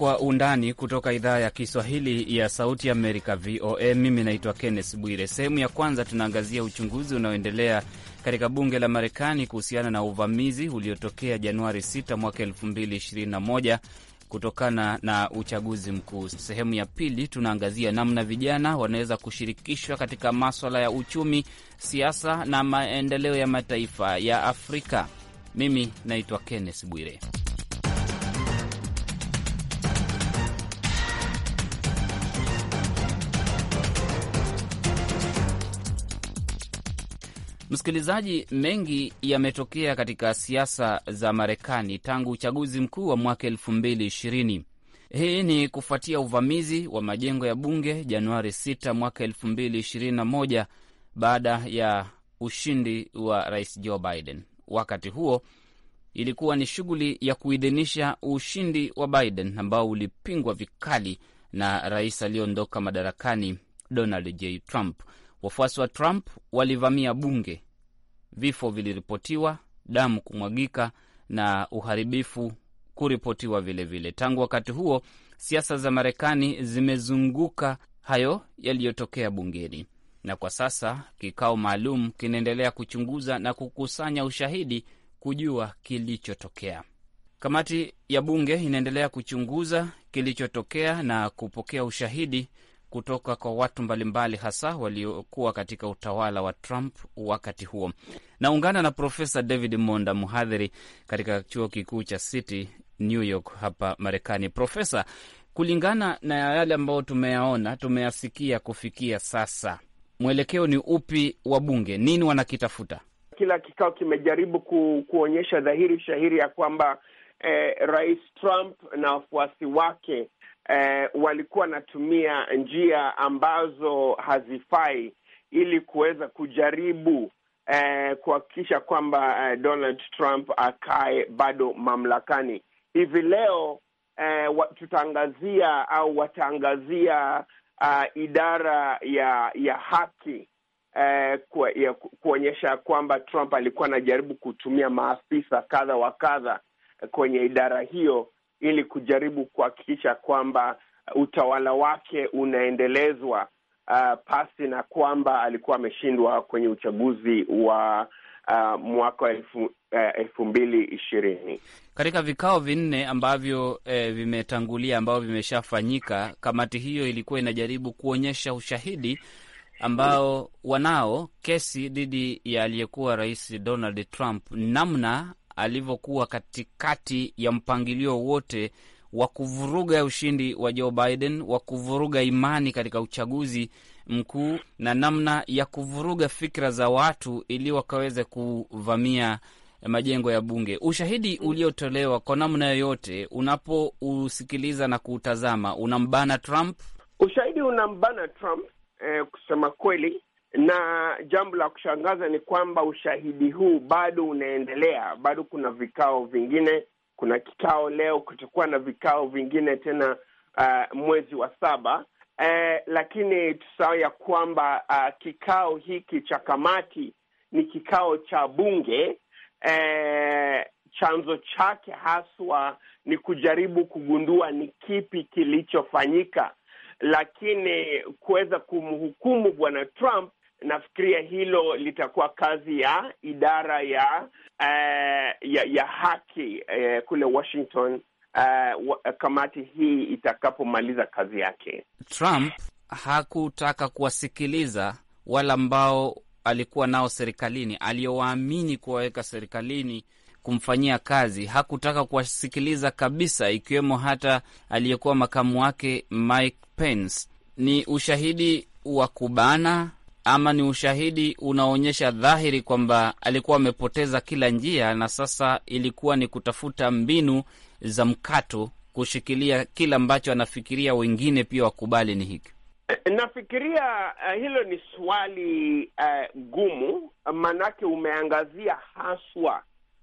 kwa undani kutoka idhaa ya Kiswahili ya Sauti Amerika, VOA. Mimi naitwa Kenneth Bwire. Sehemu ya kwanza tunaangazia uchunguzi unaoendelea katika bunge la Marekani kuhusiana na uvamizi uliotokea Januari 6 mwaka 2021 kutokana na uchaguzi mkuu. Sehemu ya pili tunaangazia namna vijana wanaweza kushirikishwa katika maswala ya uchumi, siasa na maendeleo ya mataifa ya Afrika. Mimi naitwa Kenneth Bwire. Msikilizaji, mengi yametokea katika siasa za Marekani tangu uchaguzi mkuu wa mwaka elfu mbili ishirini. Hii ni kufuatia uvamizi wa majengo ya bunge Januari 6 mwaka elfu mbili ishirini na moja baada ya ushindi wa rais Joe Biden. Wakati huo ilikuwa ni shughuli ya kuidhinisha ushindi wa Biden ambao ulipingwa vikali na rais aliyoondoka madarakani Donald J Trump. Wafuasi wa Trump walivamia bunge, vifo viliripotiwa, damu kumwagika na uharibifu kuripotiwa vilevile vile. Tangu wakati huo siasa za Marekani zimezunguka hayo yaliyotokea bungeni, na kwa sasa kikao maalum kinaendelea kuchunguza na kukusanya ushahidi kujua kilichotokea. Kamati ya bunge inaendelea kuchunguza kilichotokea na kupokea ushahidi kutoka kwa watu mbalimbali, hasa waliokuwa katika utawala wa Trump wakati huo. Naungana na Profesa David Monda, mhadhiri katika chuo kikuu cha City New York hapa Marekani. Profesa, kulingana na yale ambayo tumeyaona, tumeyasikia kufikia sasa, mwelekeo ni upi wa bunge? Nini wanakitafuta? Kila kikao kimejaribu ku, kuonyesha dhahiri shahiri ya kwamba eh, Rais Trump na wafuasi wake eh, walikuwa wanatumia njia ambazo hazifai ili kuweza kujaribu eh, kuhakikisha kwamba eh, Donald Trump akae bado mamlakani. Hivi leo eh, tutaangazia au wataangazia uh, ah, idara ya ya haki eh, kuonyesha kwamba Trump alikuwa anajaribu kutumia maafisa kadha wa kadha kwenye idara hiyo ili kujaribu kuhakikisha kwamba uh, utawala wake unaendelezwa uh, pasi na kwamba alikuwa ameshindwa kwenye uchaguzi wa uh, mwaka wa elfu, uh, elfu mbili ishirini. Katika vikao vinne ambavyo eh, vimetangulia ambavyo vimeshafanyika, kamati hiyo ilikuwa inajaribu kuonyesha ushahidi ambao wanao kesi dhidi ya aliyekuwa rais Donald Trump, namna alivyokuwa katikati ya mpangilio wote wa kuvuruga ushindi wa Joe Biden, wa kuvuruga imani katika uchaguzi mkuu na namna ya kuvuruga fikra za watu ili wakaweze kuvamia majengo ya bunge. Ushahidi uliotolewa kwa namna yoyote, unapousikiliza na kuutazama, unambana Trump. Ushahidi unambana Trump eh, kusema kweli na jambo la kushangaza ni kwamba ushahidi huu bado unaendelea, bado kuna vikao vingine, kuna kikao leo, kutakuwa na vikao vingine tena uh, mwezi wa saba. Eh, lakini tusahau ya kwamba uh, kikao hiki cha kamati ni kikao cha bunge eh, chanzo chake haswa ni kujaribu kugundua ni kipi kilichofanyika, lakini kuweza kumhukumu bwana Trump nafikiria hilo litakuwa kazi ya idara ya uh, ya, ya haki uh, kule Washington uh, kamati hii itakapomaliza kazi yake. Trump hakutaka kuwasikiliza wale ambao alikuwa nao serikalini, aliyowaamini kuwaweka serikalini kumfanyia kazi. Hakutaka kuwasikiliza kabisa, ikiwemo hata aliyekuwa makamu wake Mike Pence. Ni ushahidi wa kubana ama ni ushahidi unaonyesha dhahiri kwamba alikuwa amepoteza kila njia, na sasa ilikuwa ni kutafuta mbinu za mkato kushikilia kile ambacho anafikiria wengine pia wakubali ni hiki. Eh, nafikiria uh, hilo ni swali uh, gumu, maanake umeangazia haswa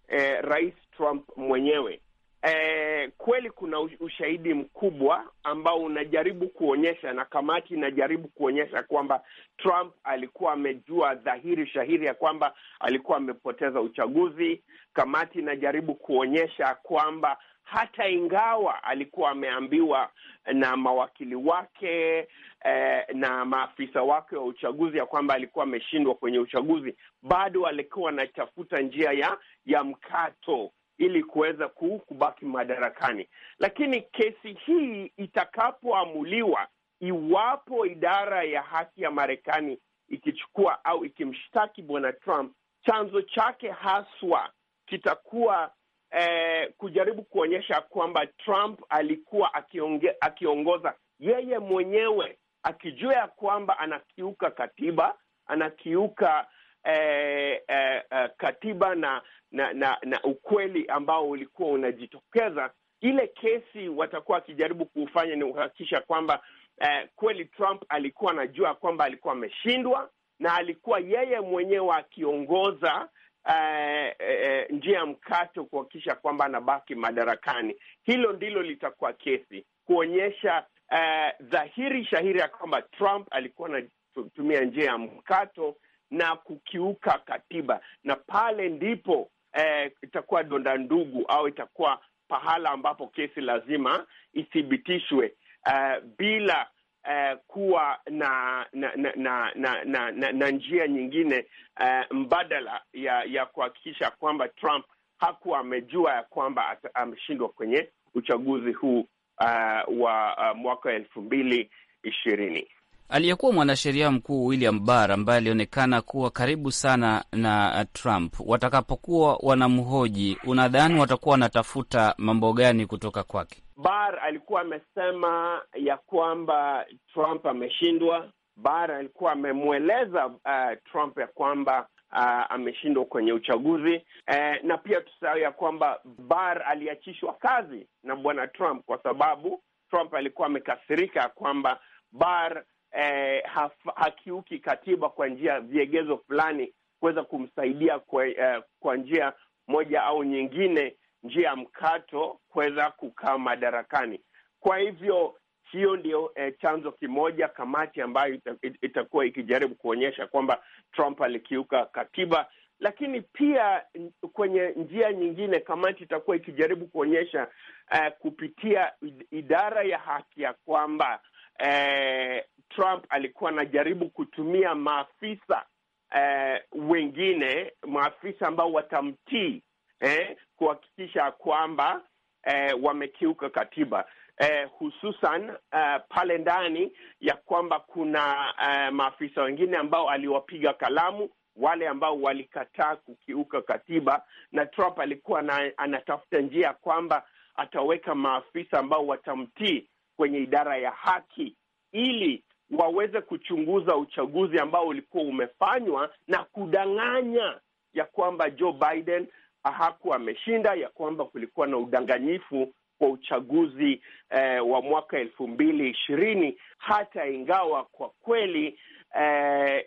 uh, Rais Trump mwenyewe eh, kweli kuna ushahidi mkubwa ambao unajaribu kuonyesha na kamati inajaribu kuonyesha kwamba Trump alikuwa amejua dhahiri shahiri ya kwamba alikuwa amepoteza uchaguzi. Kamati inajaribu kuonyesha kwamba hata ingawa alikuwa ameambiwa na mawakili wake eh, na maafisa wake wa uchaguzi ya kwamba alikuwa ameshindwa kwenye uchaguzi, bado alikuwa anatafuta njia ya ya mkato ili kuweza kubaki madarakani. Lakini kesi hii itakapoamuliwa, iwapo idara ya haki ya Marekani ikichukua au ikimshtaki bwana Trump, chanzo chake haswa kitakuwa eh, kujaribu kuonyesha kwamba Trump alikuwa akionge, akiongoza yeye mwenyewe akijua ya kwamba anakiuka katiba, anakiuka eh, eh, eh katiba na na, na, na ukweli ambao ulikuwa unajitokeza. Ile kesi watakuwa wakijaribu kuufanya ni kuhakikisha kwamba eh, kweli Trump alikuwa anajua kwamba alikuwa ameshindwa na alikuwa yeye mwenyewe akiongoza Uh, uh, njia ya mkato kuhakikisha kwamba anabaki madarakani. Hilo ndilo litakuwa kesi kuonyesha uh, dhahiri shahiri ya kwamba Trump alikuwa anatumia njia ya mkato na kukiuka katiba, na pale ndipo eh, itakuwa donda ndugu au itakuwa pahala ambapo kesi lazima ithibitishwe eh, bila eh, kuwa na na na, na, na, na, na, na njia nyingine eh, mbadala ya ya kuhakikisha kwamba Trump hakuwa amejua ya kwamba ameshindwa kwenye uchaguzi huu uh, wa uh, mwaka wa elfu mbili ishirini. Aliyekuwa mwanasheria mkuu William Barr ambaye alionekana kuwa karibu sana na uh, Trump, watakapokuwa wanamhoji, unadhani watakuwa wanatafuta mambo gani kutoka kwake? Barr alikuwa amesema ya kwamba Trump ameshindwa. Barr alikuwa amemweleza uh, Trump ya kwamba Uh, ameshindwa kwenye uchaguzi uh, na pia tusahau ya kwamba Barr aliachishwa kazi na bwana Trump kwa sababu Trump alikuwa amekasirika kwamba Barr eh, haf, hakiuki katiba kwa njia viegezo fulani kuweza kumsaidia kwa, eh, kwa njia moja au nyingine, njia ya mkato kuweza kukaa madarakani. Kwa hivyo hiyo ndio eh, chanzo kimoja, kamati ambayo ita, itakuwa ikijaribu kuonyesha kwamba Trump alikiuka katiba, lakini pia kwenye njia nyingine, kamati itakuwa ikijaribu kuonyesha eh, kupitia idara ya haki ya kwamba eh, Trump alikuwa anajaribu kutumia maafisa eh, wengine, maafisa ambao watamtii eh, kuhakikisha kwamba eh, wamekiuka katiba eh, hususan eh, pale ndani ya kwamba kuna eh, maafisa wengine ambao aliwapiga kalamu wale ambao walikataa kukiuka katiba, na Trump alikuwa na, anatafuta njia ya kwamba ataweka maafisa ambao watamtii kwenye idara ya haki ili waweze kuchunguza uchaguzi ambao ulikuwa umefanywa na kudanganya ya kwamba Joe Biden hakuwa ameshinda, ya kwamba kulikuwa na udanganyifu kwa uchaguzi eh, wa mwaka elfu mbili ishirini hata ingawa kwa kweli eh,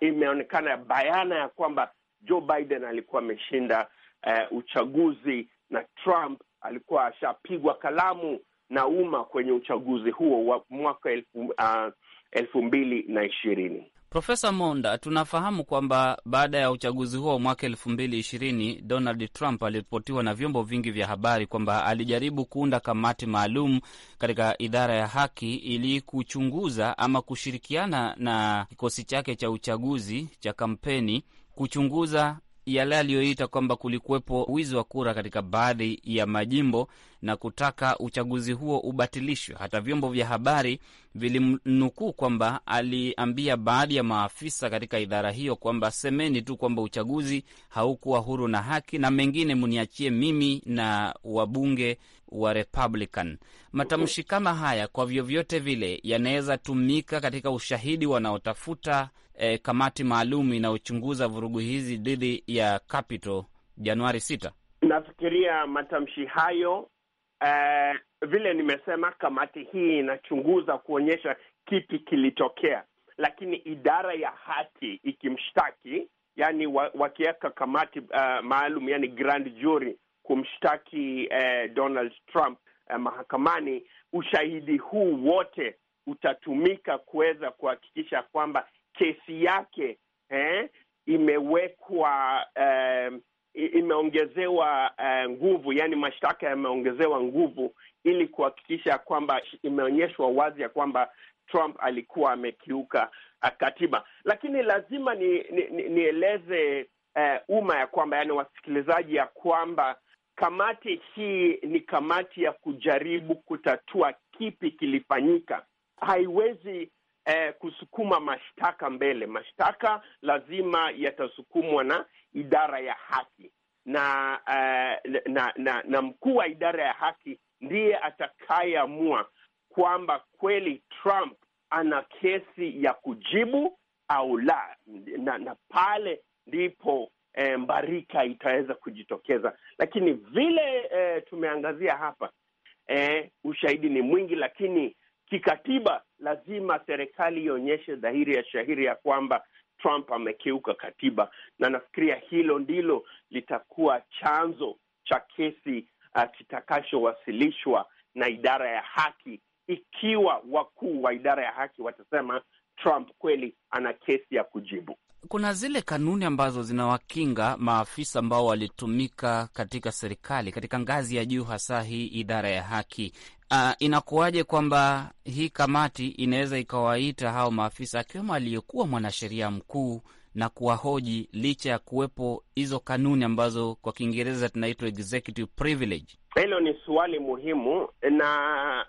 imeonekana bayana ya kwamba Joe Biden alikuwa ameshinda eh, uchaguzi na Trump alikuwa ashapigwa kalamu na umma kwenye uchaguzi huo wa mwaka elfu, uh, elfu mbili na ishirini. Profesa Monda, tunafahamu kwamba baada ya uchaguzi huo mwaka elfu mbili ishirini Donald Trump aliripotiwa na vyombo vingi vya habari kwamba alijaribu kuunda kamati maalum katika idara ya haki ili kuchunguza ama kushirikiana na kikosi chake cha uchaguzi cha kampeni kuchunguza yale aliyoita kwamba kulikuwepo wizi wa kura katika baadhi ya majimbo na kutaka uchaguzi huo ubatilishwe. Hata vyombo vya habari vilimnukuu kwamba aliambia baadhi ya maafisa katika idara hiyo kwamba semeni tu kwamba uchaguzi haukuwa huru na haki, na mengine mniachie mimi na wabunge wa Republican. Matamshi kama haya kwa vyovyote vile yanaweza tumika katika ushahidi wanaotafuta e, kamati maalum inayochunguza vurugu hizi dhidi ya Capitol Januari sita. Nafikiria matamshi hayo e, vile nimesema, kamati hii inachunguza kuonyesha kipi kilitokea, lakini idara ya haki ikimshtaki, yani wakiweka kamati uh, maalum, yani grand jury kumshtaki eh, Donald Trump eh, mahakamani, ushahidi huu wote utatumika kuweza kuhakikisha kwamba kesi yake eh, imewekwa eh, imeongezewa eh, nguvu, yani mashtaka yameongezewa nguvu ili kuhakikisha kwamba imeonyeshwa wazi ya kwamba Trump alikuwa amekiuka eh, katiba. Lakini lazima ni, ni, ni, nieleze eh, umma ya kwamba yani wasikilizaji ya kwamba kamati hii ni kamati ya kujaribu kutatua kipi kilifanyika. Haiwezi eh, kusukuma mashtaka mbele. Mashtaka lazima yatasukumwa na idara ya haki na, eh, na, na, na mkuu wa idara ya haki ndiye atakayeamua kwamba kweli Trump ana kesi ya kujibu au la, na, na pale ndipo E, mbarika itaweza kujitokeza. Lakini vile e, tumeangazia hapa e, ushahidi ni mwingi, lakini kikatiba, lazima serikali ionyeshe dhahiri ya shahiri ya kwamba Trump amekiuka katiba, na nafikiria hilo ndilo litakuwa chanzo cha kesi uh, kitakachowasilishwa na idara ya haki, ikiwa wakuu wa idara ya haki watasema Trump kweli ana kesi ya kujibu. Kuna zile kanuni ambazo zinawakinga maafisa ambao walitumika katika serikali katika ngazi ya juu, hasa hii idara ya haki. Uh, inakuwaje kwamba hii kamati inaweza ikawaita hao maafisa akiwemo aliyekuwa mwanasheria mkuu na kuwahoji licha ya kuwepo hizo kanuni ambazo kwa Kiingereza tunaitwa executive privilege? Hilo ni swali muhimu na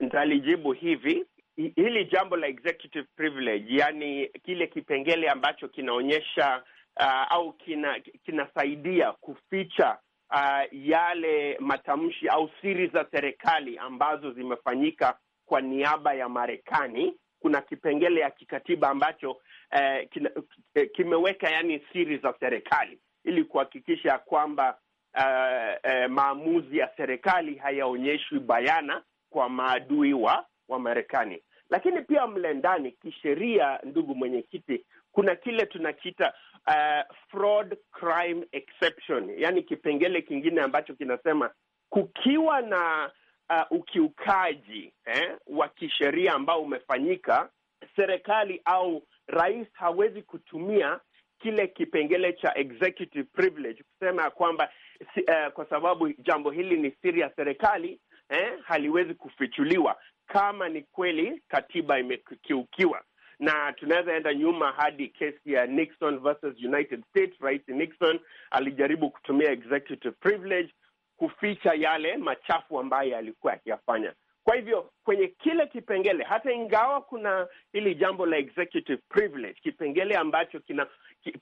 nitalijibu hivi. Hili jambo la executive privilege, kile kipengele ambacho kinaonyesha uh, au kina kinasaidia kuficha uh, yale matamshi au siri za serikali ambazo zimefanyika kwa niaba ya Marekani. Kuna kipengele ya kikatiba ambacho uh, kina, eh, kimeweka yani siri za serikali ili kuhakikisha kwamba uh, uh, maamuzi ya serikali hayaonyeshwi bayana kwa maadui wa wa Marekani. Lakini pia mle ndani kisheria, ndugu mwenyekiti, kuna kile tunakiita uh, fraud crime exception, yaani kipengele kingine ambacho kinasema kukiwa na uh, ukiukaji eh, wa kisheria ambao umefanyika, serikali au rais hawezi kutumia kile kipengele cha executive privilege kusema ya kwamba uh, kwa sababu jambo hili ni siri ya serikali eh, haliwezi kufichuliwa kama ni kweli katiba imekiukiwa na tunaweza enda nyuma hadi kesi ya Nixon versus United States. Rais Nixon alijaribu kutumia executive privilege kuficha yale machafu ambayo alikuwa akiyafanya. Kwa hivyo kwenye kile kipengele, hata ingawa kuna hili jambo la executive privilege, kipengele ambacho kina,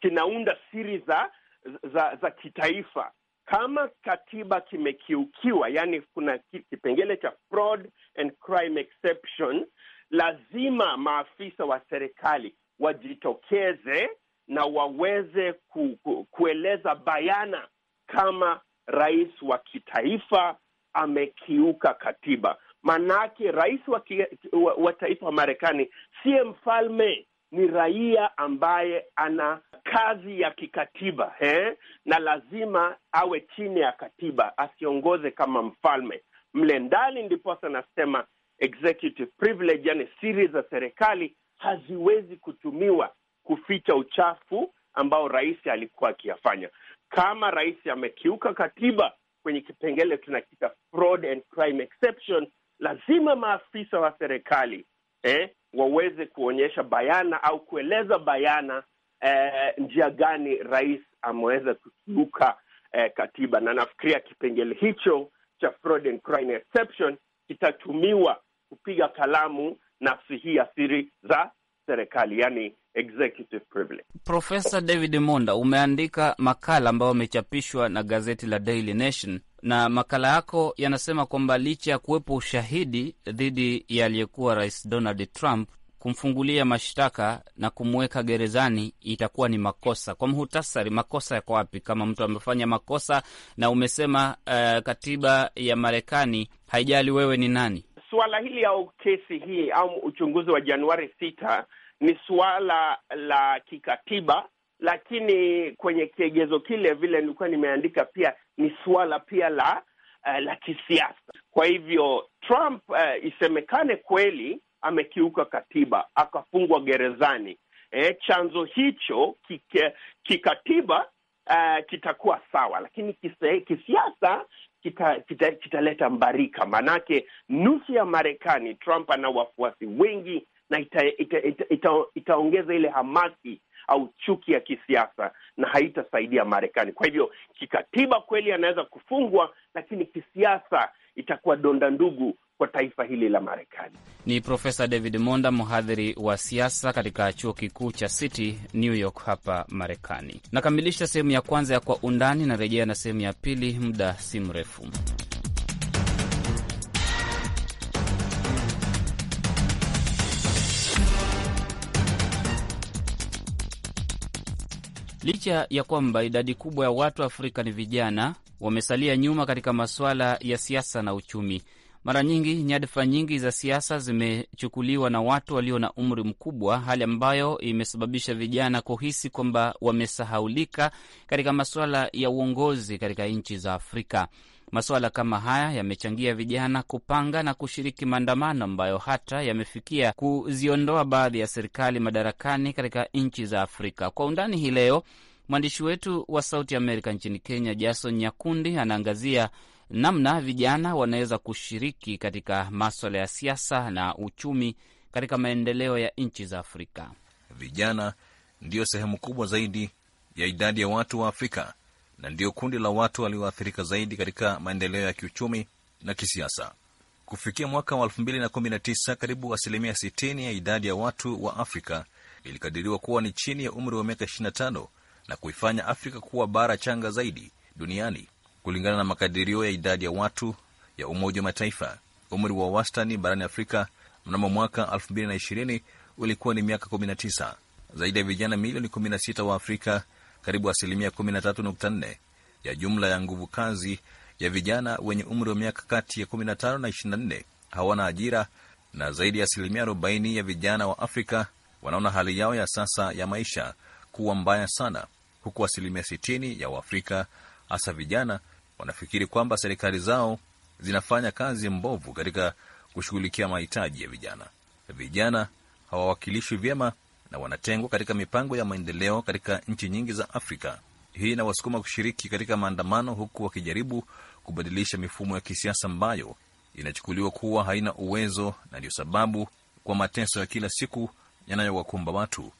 kinaunda siri za, za za kitaifa, kama katiba kimekiukiwa, yani kuna kipengele cha fraud and crime exception lazima maafisa wa serikali wajitokeze na waweze ku, ku, kueleza bayana kama rais wa kitaifa amekiuka katiba. Maanake rais wa, ki, wa, wa taifa wa Marekani siye mfalme, ni raia ambaye ana kazi ya kikatiba eh, na lazima awe chini ya katiba, asiongoze kama mfalme. Mle ndani ndiposa nasema executive privilege, yani siri za serikali haziwezi kutumiwa kuficha uchafu ambao rais alikuwa akiyafanya. Kama rais amekiuka katiba kwenye kipengele tunakita fraud and crime exception, lazima maafisa wa serikali eh, waweze kuonyesha bayana au kueleza bayana eh, njia gani rais ameweza kukiuka eh, katiba, na nafikiria kipengele hicho cha fraud and crime exception kitatumiwa kupiga kalamu nafsi hii ya siri za serikali, yani executive privilege. Profesa David Monda, umeandika makala ambayo amechapishwa na gazeti la Daily Nation na makala yako yanasema kwamba licha ya kuwepo ushahidi dhidi ya aliyekuwa rais Donald Trump, kumfungulia mashtaka na kumweka gerezani itakuwa ni makosa. Kwa muhutasari, makosa yako wapi kama mtu amefanya makosa? Na umesema uh, katiba ya Marekani haijali wewe ni nani suala hili au kesi hii au uchunguzi wa Januari sita ni suala la kikatiba, lakini kwenye kiegezo kile vile nilikuwa nimeandika pia ni suala pia la uh, la kisiasa. Kwa hivyo Trump uh, isemekane kweli amekiuka katiba akafungwa gerezani. E, chanzo hicho kike, kikatiba uh, kitakuwa sawa, lakini kise, kisiasa kitaleta kita, kita mbarika, maanake nusu ya Marekani Trump ana wafuasi wengi na itaongeza ita, ita, ita, ita ile hamasi au chuki ya kisiasa na haitasaidia Marekani. Kwa hivyo kikatiba kweli anaweza kufungwa, lakini kisiasa itakuwa donda ndugu kwa taifa hili la Marekani. Ni Profesa David Monda, mhadhiri wa siasa katika chuo kikuu cha City New York hapa Marekani. Nakamilisha sehemu ya kwanza ya Kwa Undani, narejea na sehemu ya pili muda si mrefu. Licha ya kwamba idadi kubwa ya watu Afrika ni vijana, wamesalia nyuma katika masuala ya siasa na uchumi. Mara nyingi nyadhifa nyingi za siasa zimechukuliwa na watu walio na umri mkubwa, hali ambayo imesababisha vijana kuhisi kwamba wamesahaulika katika masuala ya uongozi katika nchi za Afrika. Masuala kama haya yamechangia vijana kupanga na kushiriki maandamano ambayo hata yamefikia kuziondoa baadhi ya serikali madarakani katika nchi za Afrika. Kwa undani hii leo, mwandishi wetu wa Sauti Amerika nchini Kenya, Jason Nyakundi, anaangazia namna vijana wanaweza kushiriki katika maswala ya siasa na uchumi katika maendeleo ya nchi za Afrika. Vijana ndiyo sehemu kubwa zaidi ya idadi ya watu wa Afrika na ndiyo kundi la watu walioathirika zaidi katika maendeleo ya kiuchumi na kisiasa. Kufikia mwaka wa 2019 karibu asilimia 60 ya idadi ya watu wa Afrika ilikadiriwa kuwa ni chini ya umri wa miaka 25 na kuifanya Afrika kuwa bara changa zaidi duniani. Kulingana na makadirio ya idadi ya watu ya Umoja wa Mataifa, umri wa wastani barani Afrika mnamo mwaka 2020 ulikuwa ni miaka 19. Zaidi ya vijana milioni 16 wa Afrika, karibu asilimia 13.4 ya jumla ya nguvu kazi ya vijana wenye umri wa miaka kati ya 15 na 24 hawana ajira na zaidi ya asilimia 40 ya vijana wa Afrika wanaona hali yao ya sasa ya maisha kuwa mbaya sana, huku asilimia 60 ya Waafrika hasa vijana wanafikiri kwamba serikali zao zinafanya kazi mbovu katika kushughulikia mahitaji ya vijana. Vijana hawawakilishwi vyema na wanatengwa katika mipango ya maendeleo katika nchi nyingi za Afrika. Hii inawasukuma kushiriki katika maandamano, huku wakijaribu kubadilisha mifumo ya kisiasa ambayo inachukuliwa kuwa haina uwezo, na ndiyo sababu kwa mateso ya kila siku yanayowakumba watu.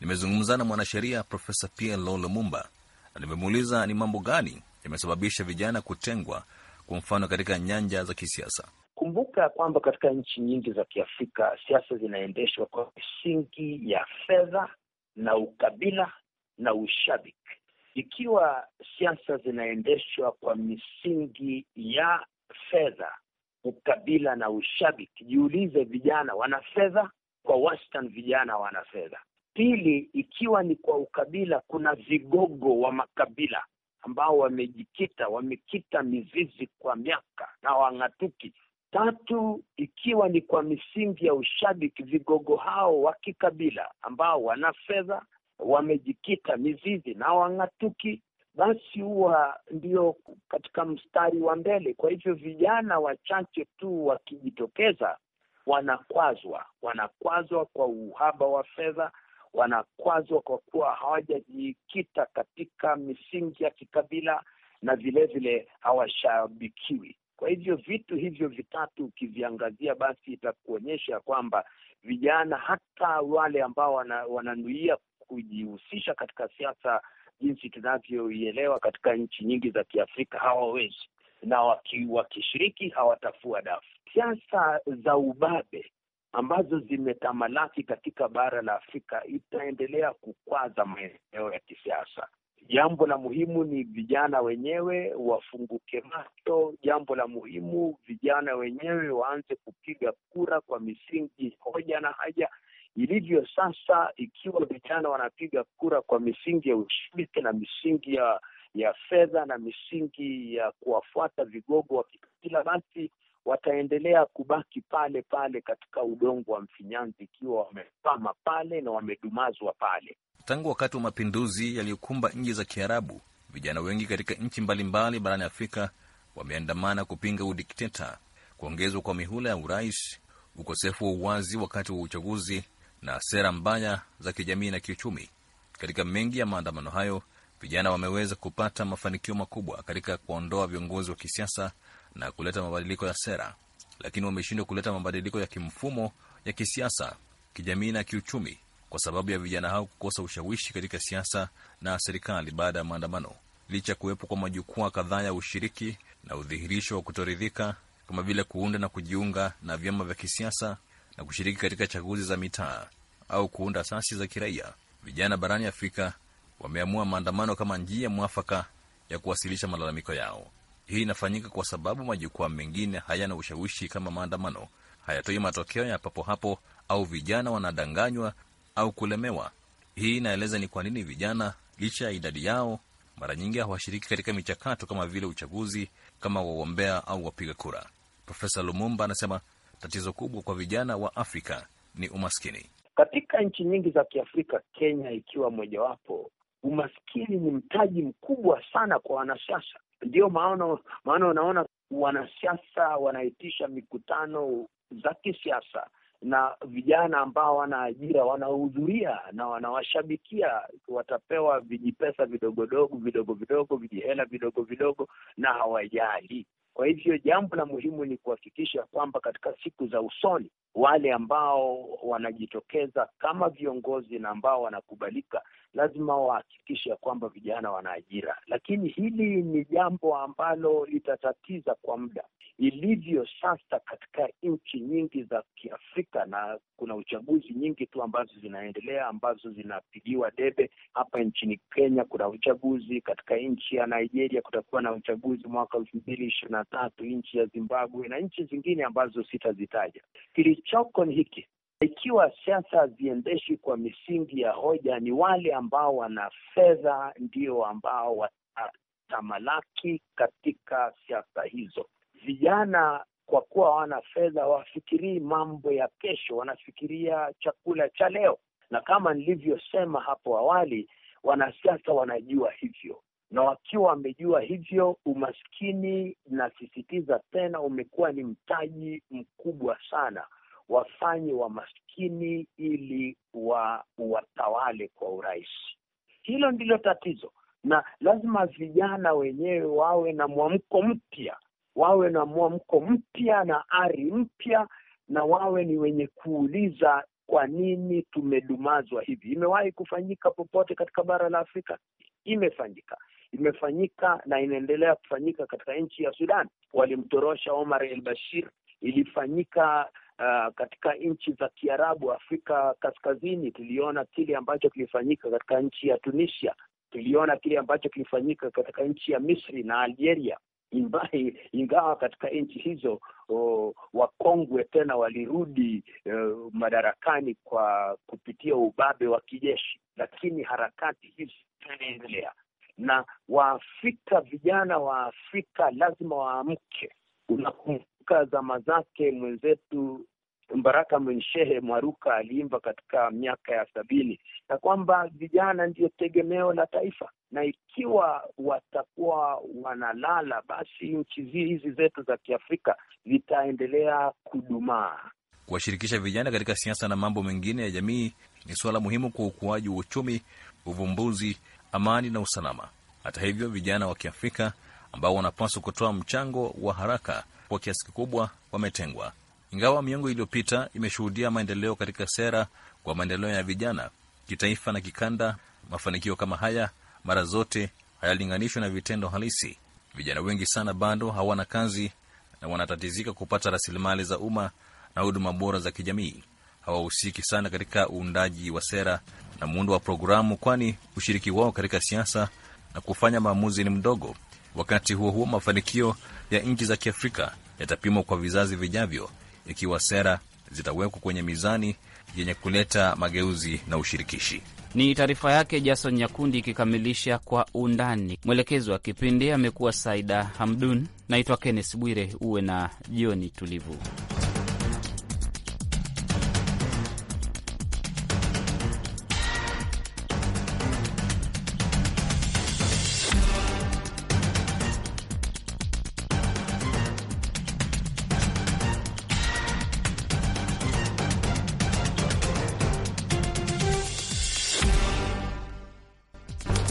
Nimezungumza na mwanasheria Profesa Pierre lo Lumumba na nimemuuliza ni mambo gani imesababisha vijana kutengwa, kwa mfano katika nyanja za kisiasa. Kumbuka kwamba katika nchi nyingi za Kiafrika siasa zinaendeshwa kwa misingi ya fedha na ukabila na ushabiki. Ikiwa siasa zinaendeshwa kwa misingi ya fedha, ukabila na ushabiki, jiulize, vijana wana fedha? Kwa wastani vijana wana fedha. Pili, ikiwa ni kwa ukabila, kuna vigogo wa makabila ambao wamejikita wamekita mizizi kwa miaka na wang'atuki. Tatu, ikiwa ni kwa misingi ya ushabiki, vigogo hao wa kikabila ambao wana fedha wamejikita mizizi na wang'atuki, basi huwa ndio katika mstari wa mbele. Kwa hivyo vijana wachache tu wakijitokeza, wanakwazwa wanakwazwa kwa uhaba wa fedha wanakwazwa kwa kuwa hawajajikita katika misingi ya kikabila na vilevile hawashabikiwi. Kwa hivyo vitu hivyo vitatu ukiviangazia, basi itakuonyesha kwamba vijana hata wale ambao wana, wananuia kujihusisha katika siasa jinsi tunavyoielewa katika nchi nyingi za Kiafrika hawawezi, na waki, wakishiriki hawatafua dafu. Siasa za ubabe ambazo zimetamalaki katika bara la Afrika itaendelea kukwaza maendeleo ya kisiasa. Jambo la muhimu ni vijana wenyewe wafunguke macho. Jambo la muhimu vijana wenyewe waanze kupiga kura kwa misingi hoja na haja ilivyo sasa. Ikiwa vijana wanapiga kura kwa misingi ya ushiriki na misingi ya ya fedha na misingi ya kuwafuata vigogo wa kikabila, basi wataendelea kubaki pale pale katika udongo wa Mfinyanzi ikiwa wamepama pale na wamedumazwa pale. Tangu wakati wa mapinduzi yaliyokumba nchi za Kiarabu, vijana wengi katika nchi mbalimbali barani Afrika wameandamana kupinga udikteta, kuongezwa kwa mihula ya urais, ukosefu wa uwazi wakati wa uchaguzi na sera mbaya za kijamii na kiuchumi. Katika mengi ya maandamano hayo, vijana wameweza kupata mafanikio makubwa katika kuondoa viongozi wa kisiasa na kuleta mabadiliko ya sera, lakini wameshindwa kuleta mabadiliko ya kimfumo, ya kisiasa, kijamii na kiuchumi kwa sababu ya vijana hao kukosa ushawishi katika siasa na serikali baada ya maandamano, licha ya kuwepo kwa majukwaa kadhaa ya ushiriki na udhihirisho wa kutoridhika kama vile kuunda na kujiunga na vyama vya kisiasa na kushiriki katika chaguzi za mitaa au kuunda asasi za kiraia. Vijana barani Afrika wameamua maandamano kama njia mwafaka ya kuwasilisha malalamiko yao. Hii inafanyika kwa sababu majukwaa mengine hayana ushawishi kama maandamano, hayatoi matokeo ya papo hapo, au vijana wanadanganywa au kulemewa. Hii inaeleza ni kwa nini vijana, licha ya idadi yao, mara nyingi hawashiriki katika michakato kama vile uchaguzi kama wagombea au wapiga kura. Profesa Lumumba anasema tatizo kubwa kwa vijana wa Afrika ni umaskini. Katika nchi nyingi za Kiafrika, Kenya ikiwa mojawapo, umaskini ni mtaji mkubwa sana kwa wanasiasa. Ndio maana maana unaona wanasiasa wanaitisha mikutano za kisiasa na vijana ambao wana ajira wanahudhuria na wanawashabikia, watapewa vijipesa vidogodogo vidogo vidogo vijihela vidogo vidogo, na hawajali. Kwa hivyo jambo la muhimu ni kuhakikisha kwamba katika siku za usoni wale ambao wanajitokeza kama viongozi na ambao wanakubalika lazima wahakikishe kwamba vijana wana ajira, lakini hili ni jambo ambalo litatatiza kwa muda ilivyo sasa katika nchi nyingi za Kiafrika, na kuna uchaguzi nyingi tu ambazo zinaendelea ambazo zinapigiwa debe. Hapa nchini Kenya kuna uchaguzi, katika nchi ya Nigeria kutakuwa na uchaguzi mwaka elfu mbili ishirini na tatu nchi ya Zimbabwe na nchi zingine ambazo sitazitaja. Kilichoko ni hiki, ikiwa siasa haziendeshi kwa misingi ya hoja, ni wale ambao wana fedha ndio ambao watatamalaki katika siasa hizo. Vijana kwa kuwa wana fedha, wafikirii mambo ya kesho, wanafikiria chakula cha leo, na kama nilivyosema hapo awali, wanasiasa wanajua hivyo na wakiwa wamejua hivyo, umaskini nasisitiza tena, umekuwa ni mtaji mkubwa sana. Wafanye wamaskini ili wa watawale kwa urahisi. Hilo ndilo tatizo, na lazima vijana wenyewe wawe na mwamko mpya, wawe na mwamko mpya na ari mpya, na wawe ni wenye kuuliza kwa nini tumedumazwa hivi? Imewahi kufanyika popote katika bara la Afrika? Imefanyika imefanyika na inaendelea kufanyika katika nchi ya Sudan. Walimtorosha Omar el Bashir, ilifanyika Uh, katika nchi za Kiarabu, Afrika Kaskazini, tuliona kile ambacho kilifanyika katika nchi ya Tunisia, tuliona kile ambacho kilifanyika katika nchi ya Misri na Algeria. Imbahi, ingawa katika nchi hizo oh, wakongwe tena walirudi eh, madarakani kwa kupitia ubabe wa kijeshi, lakini harakati hizi zinaendelea na Waafrika vijana wa Afrika lazima waamke. Unakumbuka zama zake mwenzetu Mbaraka mwenshehe Mwaruka aliimba katika miaka ya sabini na kwamba vijana ndiyo tegemeo la taifa, na ikiwa watakuwa wanalala, basi nchi hizi zetu za Kiafrika zitaendelea kudumaa. Kuwashirikisha vijana katika siasa na mambo mengine ya jamii ni suala muhimu kwa ukuaji wa uchumi, uvumbuzi amani na usalama. Hata hivyo, vijana wa Kiafrika ambao wanapaswa kutoa mchango wa haraka kwa kiasi kikubwa wametengwa. Ingawa miongo iliyopita imeshuhudia maendeleo katika sera kwa maendeleo ya vijana kitaifa na kikanda, mafanikio kama haya mara zote hayalinganishwa na vitendo halisi. Vijana wengi sana bado hawana kazi na wanatatizika kupata rasilimali za umma na huduma bora za kijamii hawahusiki sana katika uundaji wa sera na muundo wa programu, kwani ushiriki wao katika siasa na kufanya maamuzi ni mdogo. Wakati huo huo, mafanikio ya nchi za Kiafrika yatapimwa kwa vizazi vijavyo ikiwa sera zitawekwa kwenye mizani yenye kuleta mageuzi na ushirikishi. Ni taarifa yake Jason Nyakundi ikikamilisha kwa undani. Mwelekezi wa kipindi amekuwa Saida Hamdun. Naitwa kennes Bwire. Uwe na jioni tulivu.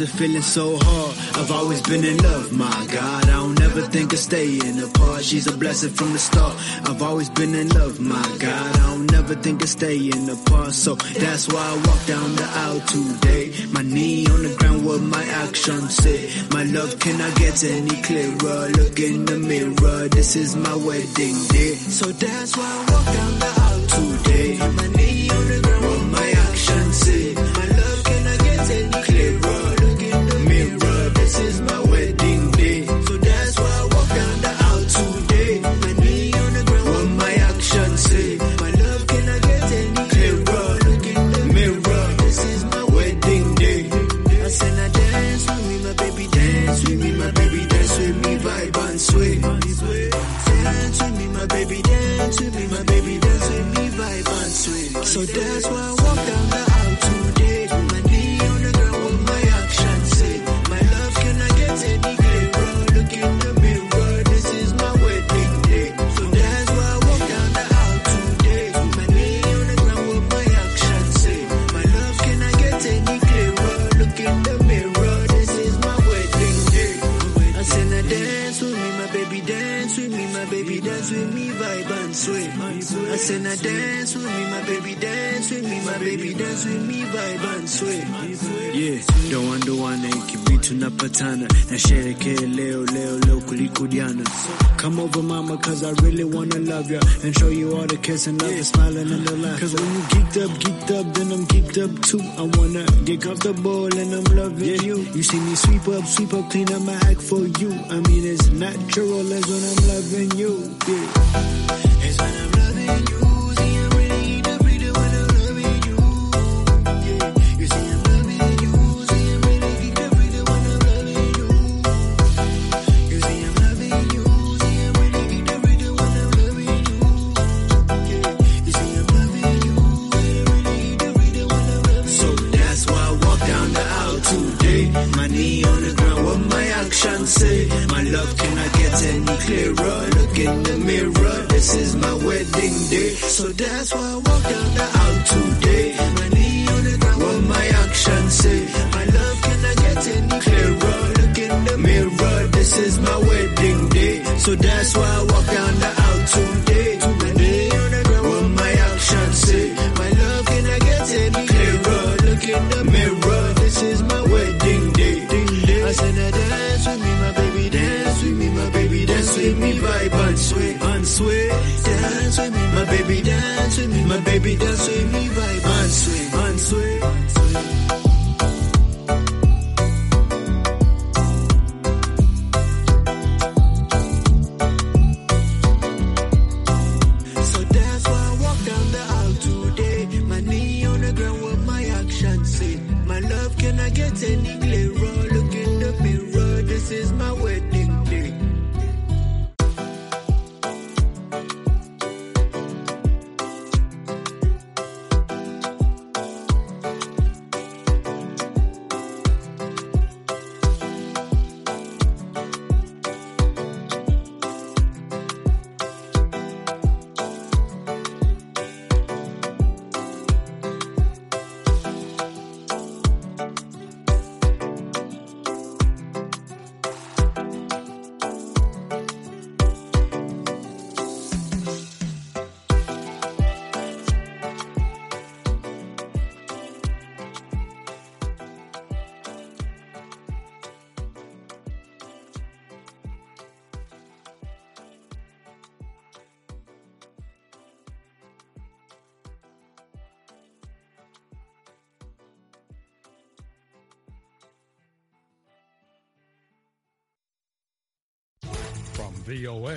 is a feeling so hard. I've always been in love, my God. I don't ever think of staying apart. She's a blessing from the start. I've always been in love, my God. I don't ever think of staying apart. So that's why I walk down the aisle today. My knee on the ground, what my actions say. My love cannot get any clearer. Look in the mirror, this is my wedding day. So that's why I walk down the aisle today. My tutapatana na sherekee leo leo leo kuliko jana. Come over mama cause I really wanna love ya and show you all the kiss and love yeah. the smiling and the laugh. Cause when you geeked up, geeked up, then I'm geeked up too. I wanna get comfortable and I'm loving yeah. you. You see me sweep up, sweep up, clean up my act for you. I mean it's natural as when I'm loving you. Yeah. It's when I'm loving you. clearer. Look in the mirror, this is my wedding day. So that's why I walk down the aisle today. Doa.